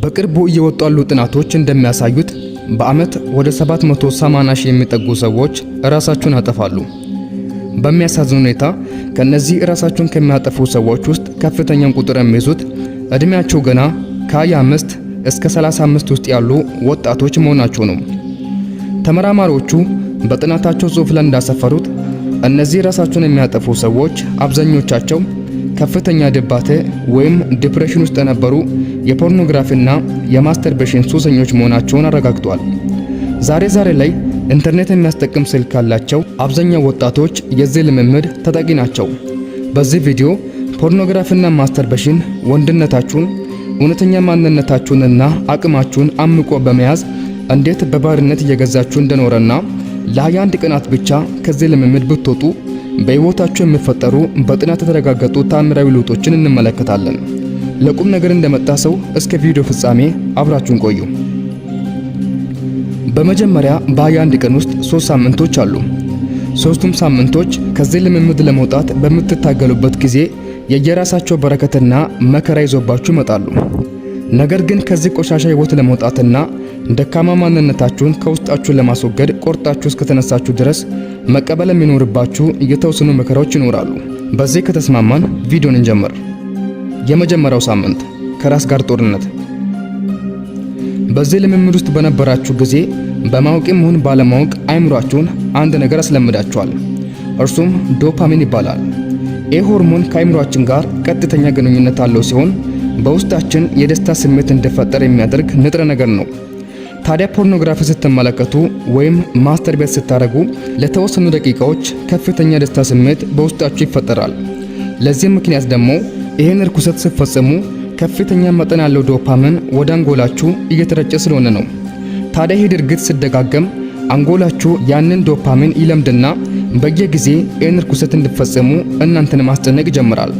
በቅርቡ እየወጡ ያሉ ጥናቶች እንደሚያሳዩት በዓመት ወደ 780 ሺህ የሚጠጉ ሰዎች ራሳቸውን ያጠፋሉ። በሚያሳዝን ሁኔታ ከነዚህ ራሳቸውን ከሚያጠፉ ሰዎች ውስጥ ከፍተኛውን ቁጥር የሚይዙት እድሜያቸው ገና ከ25 እስከ 35 ውስጥ ያሉ ወጣቶች መሆናቸው ነው። ተመራማሪዎቹ በጥናታቸው ጽሑፍ ላይ እንዳሰፈሩት እነዚህ ራሳቸውን የሚያጠፉ ሰዎች አብዛኞቻቸው ከፍተኛ ደባተ ወይም ዲፕሬሽን ውስጥ የነበሩ የፖርኖግራፊና የማስተርቤሽን ሱሰኞች መሆናቸውን አረጋግጧል። ዛሬ ዛሬ ላይ ኢንተርኔት የሚያስጠቅም ስልክ ካላቸው አብዛኛው ወጣቶች የዚህ ልምምድ ተጠቂ ናቸው። በዚህ ቪዲዮ ፖርኖግራፊና ማስተርቤሽን ወንድነታችሁን፣ እውነተኛ ማንነታችሁንና አቅማችሁን አምቆ በመያዝ እንዴት በባርነት እየገዛችሁ እንደኖረና ለ21 ቀናት ብቻ ከዚህ ልምምድ ብትወጡ በሕይወታቸው የሚፈጠሩ በጥናት የተረጋገጡ ታምራዊ ለውጦችን እንመለከታለን። ለቁም ነገር እንደመጣ ሰው እስከ ቪዲዮ ፍጻሜ አብራችሁን ቆዩ። በመጀመሪያ በ አንድ ቀን ውስጥ ሶስት ሳምንቶች አሉ። ሶስቱም ሳምንቶች ከዚህ ልምምድ ለመውጣት በምትታገሉበት ጊዜ የየራሳቸው በረከትና መከራ ይዞባችሁ ይመጣሉ። ነገር ግን ከዚህ ቆሻሻ ህይወት ለመውጣትና ደካማ ማንነታችሁን ከውስጣችሁ ለማስወገድ ቆርጣችሁ እስከተነሳችሁ ድረስ መቀበል የሚኖርባችሁ የተወሰኑ መከራዎች ይኖራሉ። በዚህ ከተስማማን ቪዲዮን እንጀምር። የመጀመሪያው ሳምንት ከራስ ጋር ጦርነት። በዚህ ልምምድ ውስጥ በነበራችሁ ጊዜ በማወቅም መሆን ባለማወቅ አይምሯችሁን አንድ ነገር አስለምዳችኋል። እርሱም ዶፓሚን ይባላል። ይህ ሆርሞን ከአይምሯችን ጋር ቀጥተኛ ግንኙነት አለው ሲሆን በውስጣችን የደስታ ስሜት እንዲፈጠር የሚያደርግ ንጥረ ነገር ነው። ታዲያ ፖርኖግራፊ ስትመለከቱ ወይም ማስተርቤት ስታደርጉ ለተወሰኑ ደቂቃዎች ከፍተኛ ደስታ ስሜት በውስጣችሁ ይፈጠራል። ለዚህም ምክንያት ደግሞ ይህን እርኩሰት ስትፈጽሙ ከፍተኛ መጠን ያለው ዶፓሚን ወደ አንጎላችሁ እየተረጨ ስለሆነ ነው። ታዲያ ይህ ድርጊት ስደጋገም አንጎላችሁ ያንን ዶፓሚን ይለምድና በየጊዜ ይህን እርኩሰት እንድትፈጽሙ እናንተን ማስጨነቅ ይጀምራል።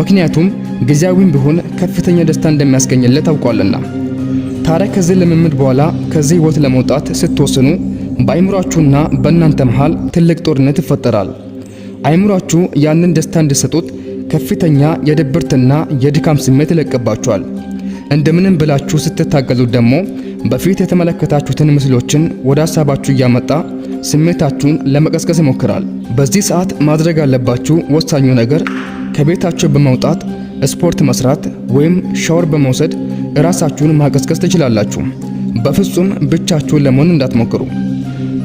ምክንያቱም ጊዜያዊም ቢሆን ከፍተኛ ደስታ እንደሚያስገኝለት ታውቋልና። ታዲያ ከዚህ ልምምድ በኋላ ከዚህ ህይወት ለመውጣት ስትወስኑ በአይምሯችሁና በእናንተ መሃል ትልቅ ጦርነት ይፈጠራል። አይምሯችሁ ያንን ደስታ እንድሰጡት ከፍተኛ የድብርትና የድካም ስሜት ይለቅባችኋል። እንደምንም ብላችሁ ስትታገሉት ደግሞ በፊት የተመለከታችሁትን ምስሎችን ወደ ሀሳባችሁ እያመጣ ስሜታችሁን ለመቀስቀስ ይሞክራል። በዚህ ሰዓት ማድረግ ያለባችሁ ወሳኙ ነገር ከቤታችሁ በመውጣት ስፖርት መስራት ወይም ሻወር በመውሰድ ራሳችሁን ማቀስቀስ ትችላላችሁ። በፍጹም ብቻችሁን ለመሆን እንዳትሞክሩ።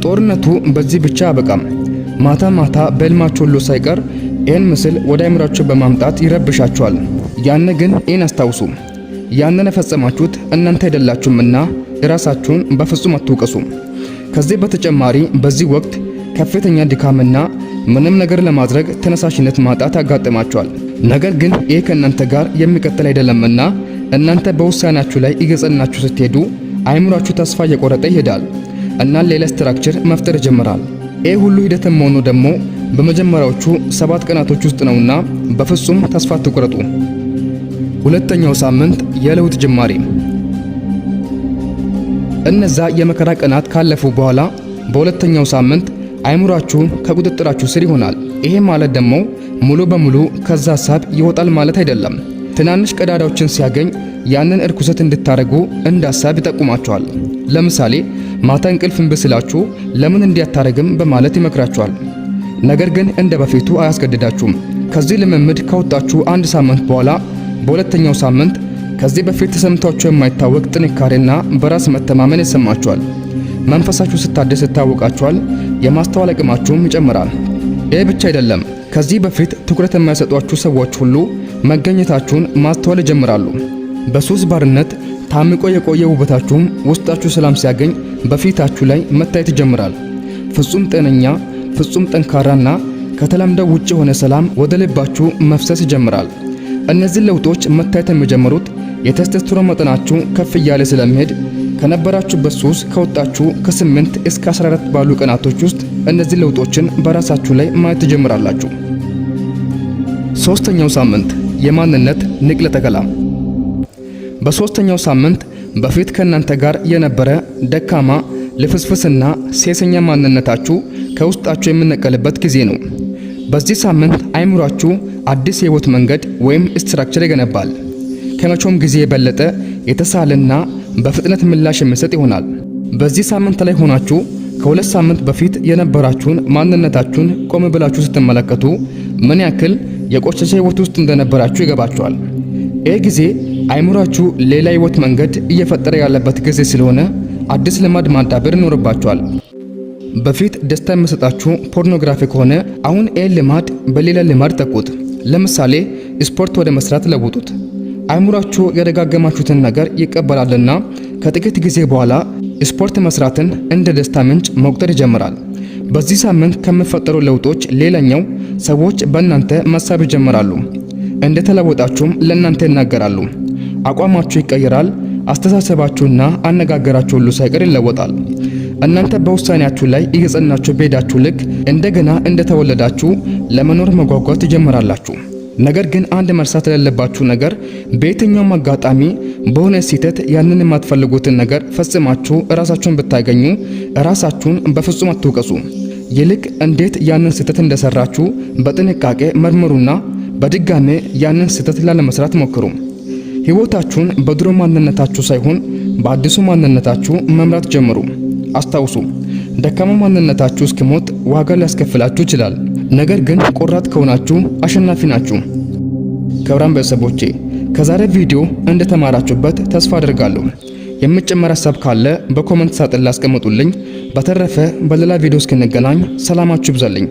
ጦርነቱ በዚህ ብቻ አበቃም። ማታ ማታ በህልማችሁ ሁሉ ሳይቀር ይህን ምስል ወደ አይምራችሁ በማምጣት ይረብሻችኋል። ያነ ግን ይህን አስታውሱ፣ ያንን የፈጸማችሁት እናንተ አይደላችሁምና ራሳችሁን በፍጹም አትውቀሱ። ከዚህ በተጨማሪ በዚህ ወቅት ከፍተኛ ድካምና ምንም ነገር ለማድረግ ተነሳሽነት ማጣት ያጋጥማችኋል። ነገር ግን ይህ ከእናንተ ጋር የሚቀጥል አይደለምና እናንተ በውሳኔያችሁ ላይ እየጸናችሁ ስትሄዱ አይምሯችሁ ተስፋ እየቆረጠ ይሄዳል እና ሌላ ስትራክቸር መፍጠር ይጀምራል። ይህ ሁሉ ሂደት መሆኑ ደግሞ በመጀመሪያዎቹ ሰባት ቀናቶች ውስጥ ነውና በፍጹም ተስፋ አትቁረጡ። ሁለተኛው ሳምንት የለውጥ ጅማሬ። እነዛ የመከራ ቀናት ካለፉ በኋላ በሁለተኛው ሳምንት አይምሯችሁ ከቁጥጥራችሁ ስር ይሆናል። ይሄ ማለት ደግሞ ሙሉ በሙሉ ከዛ ሀሳብ ይወጣል ማለት አይደለም። ትናንሽ ቀዳዳዎችን ሲያገኝ ያንን እርኩሰት እንድታረጉ እንደ ሐሳብ ይጠቁማቸዋል። ለምሳሌ ማታ እንቅልፍ እምብስላችሁ ለምን እንዲያታረግም በማለት ይመክራችኋል። ነገር ግን እንደ በፊቱ አያስገድዳችሁም። ከዚህ ልምምድ ከወጣችሁ አንድ ሳምንት በኋላ በሁለተኛው ሳምንት ከዚህ በፊት ተሰምቷችሁ የማይታወቅ ጥንካሬና በራስ መተማመን ይሰማችኋል። መንፈሳችሁ ስታደስ ይታወቃችኋል። የማስተዋል አቅማችሁም ይጨምራል። ይህ ብቻ አይደለም። ከዚህ በፊት ትኩረት የማይሰጧችሁ ሰዎች ሁሉ መገኘታችሁን ማስተዋል ይጀምራሉ። በሱስ ባርነት ታምቆ የቆየ ውበታችሁም ውስጣችሁ ሰላም ሲያገኝ በፊታችሁ ላይ መታየት ይጀምራል። ፍጹም ጤነኛ፣ ፍጹም ጠንካራና ከተለምደው ውጭ የሆነ ሰላም ወደ ልባችሁ መፍሰስ ይጀምራል። እነዚህ ለውጦች መታየት የሚጀምሩት የቴስቶስትሮን መጠናችሁ ከፍ እያለ ስለሚሄድ ከነበራችሁበት ሱስ ከወጣችሁ ከ8 እስከ 14 ባሉ ቀናቶች ውስጥ እነዚህ ለውጦችን በራሳችሁ ላይ ማየት ትጀምራላችሁ። ሶስተኛው ሳምንት የማንነት ንቅለ ተከላ። በሶስተኛው ሳምንት በፊት ከእናንተ ጋር የነበረ ደካማ ልፍስፍስና ሴሰኛ ማንነታችሁ ከውስጣችሁ የምነቀልበት ጊዜ ነው። በዚህ ሳምንት አይምሯችሁ አዲስ የህይወት መንገድ ወይም ስትራክቸር ይገነባል። ከመቼውም ጊዜ የበለጠ የተሳለና በፍጥነት ምላሽ የሚሰጥ ይሆናል። በዚህ ሳምንት ላይ ሆናችሁ ከሁለት ሳምንት በፊት የነበራችሁን ማንነታችሁን ቆም ብላችሁ ስትመለከቱ ምን ያክል የቆሸሸ ህይወት ውስጥ እንደነበራችሁ ይገባችኋል። ይህ ጊዜ አይምሯችሁ ሌላ ህይወት መንገድ እየፈጠረ ያለበት ጊዜ ስለሆነ አዲስ ልማድ ማዳበር ይኖርባችኋል። በፊት ደስታ የሚሰጣችሁ ፖርኖግራፊ ከሆነ አሁን ይህ ልማድ በሌላ ልማድ ተኩት። ለምሳሌ ስፖርት ወደ መስራት ለውጡት። አይምሯችሁ የደጋገማችሁትን ነገር ይቀበላልና ከጥቂት ጊዜ በኋላ ስፖርት መስራትን እንደ ደስታ ምንጭ መቁጠር ይጀምራል። በዚህ ሳምንት ከሚፈጠሩ ለውጦች ሌላኛው ሰዎች በእናንተ መሳብ ይጀምራሉ። እንደተለወጣችሁም ለእናንተ ይናገራሉ። አቋማችሁ ይቀየራል። አስተሳሰባችሁና አነጋገራችሁ ሁሉ ሳይቀር ይለወጣል። እናንተ በውሳኔያችሁ ላይ እየጸናችሁ በሄዳችሁ ልክ እንደገና እንደተወለዳችሁ ለመኖር መጓጓት ትጀምራላችሁ። ነገር ግን አንድ መርሳት የሌለባችሁ ነገር በየትኛውም አጋጣሚ በሆነ ስህተት ያንን የማትፈልጉትን ነገር ፈጽማችሁ ራሳችሁን ብታገኙ ራሳችሁን በፍጹም አትውቀሱ። ይልቅ እንዴት ያንን ስህተት እንደሰራችሁ በጥንቃቄ መርምሩና በድጋሜ ያንን ስህተት ላለመስራት ሞክሩ። ሕይወታችሁን በድሮ ማንነታችሁ ሳይሆን በአዲሱ ማንነታችሁ መምራት ጀምሩ። አስታውሱ፣ ደካማ ማንነታችሁ እስኪሞት ዋጋ ሊያስከፍላችሁ ይችላል። ነገር ግን ቆራጥ ከሆናችሁ አሸናፊ ናችሁ። ክብራን ቤተሰቦቼ ከዛሬ ቪዲዮ እንደተማራችሁበት ተስፋ አድርጋለሁ። የምጨመር ሀሳብ ካለ በኮመንት ሳጥን ላስቀምጡልኝ። በተረፈ በሌላ ቪዲዮ እስክንገናኝ ሰላማችሁ ይብዛልኝ።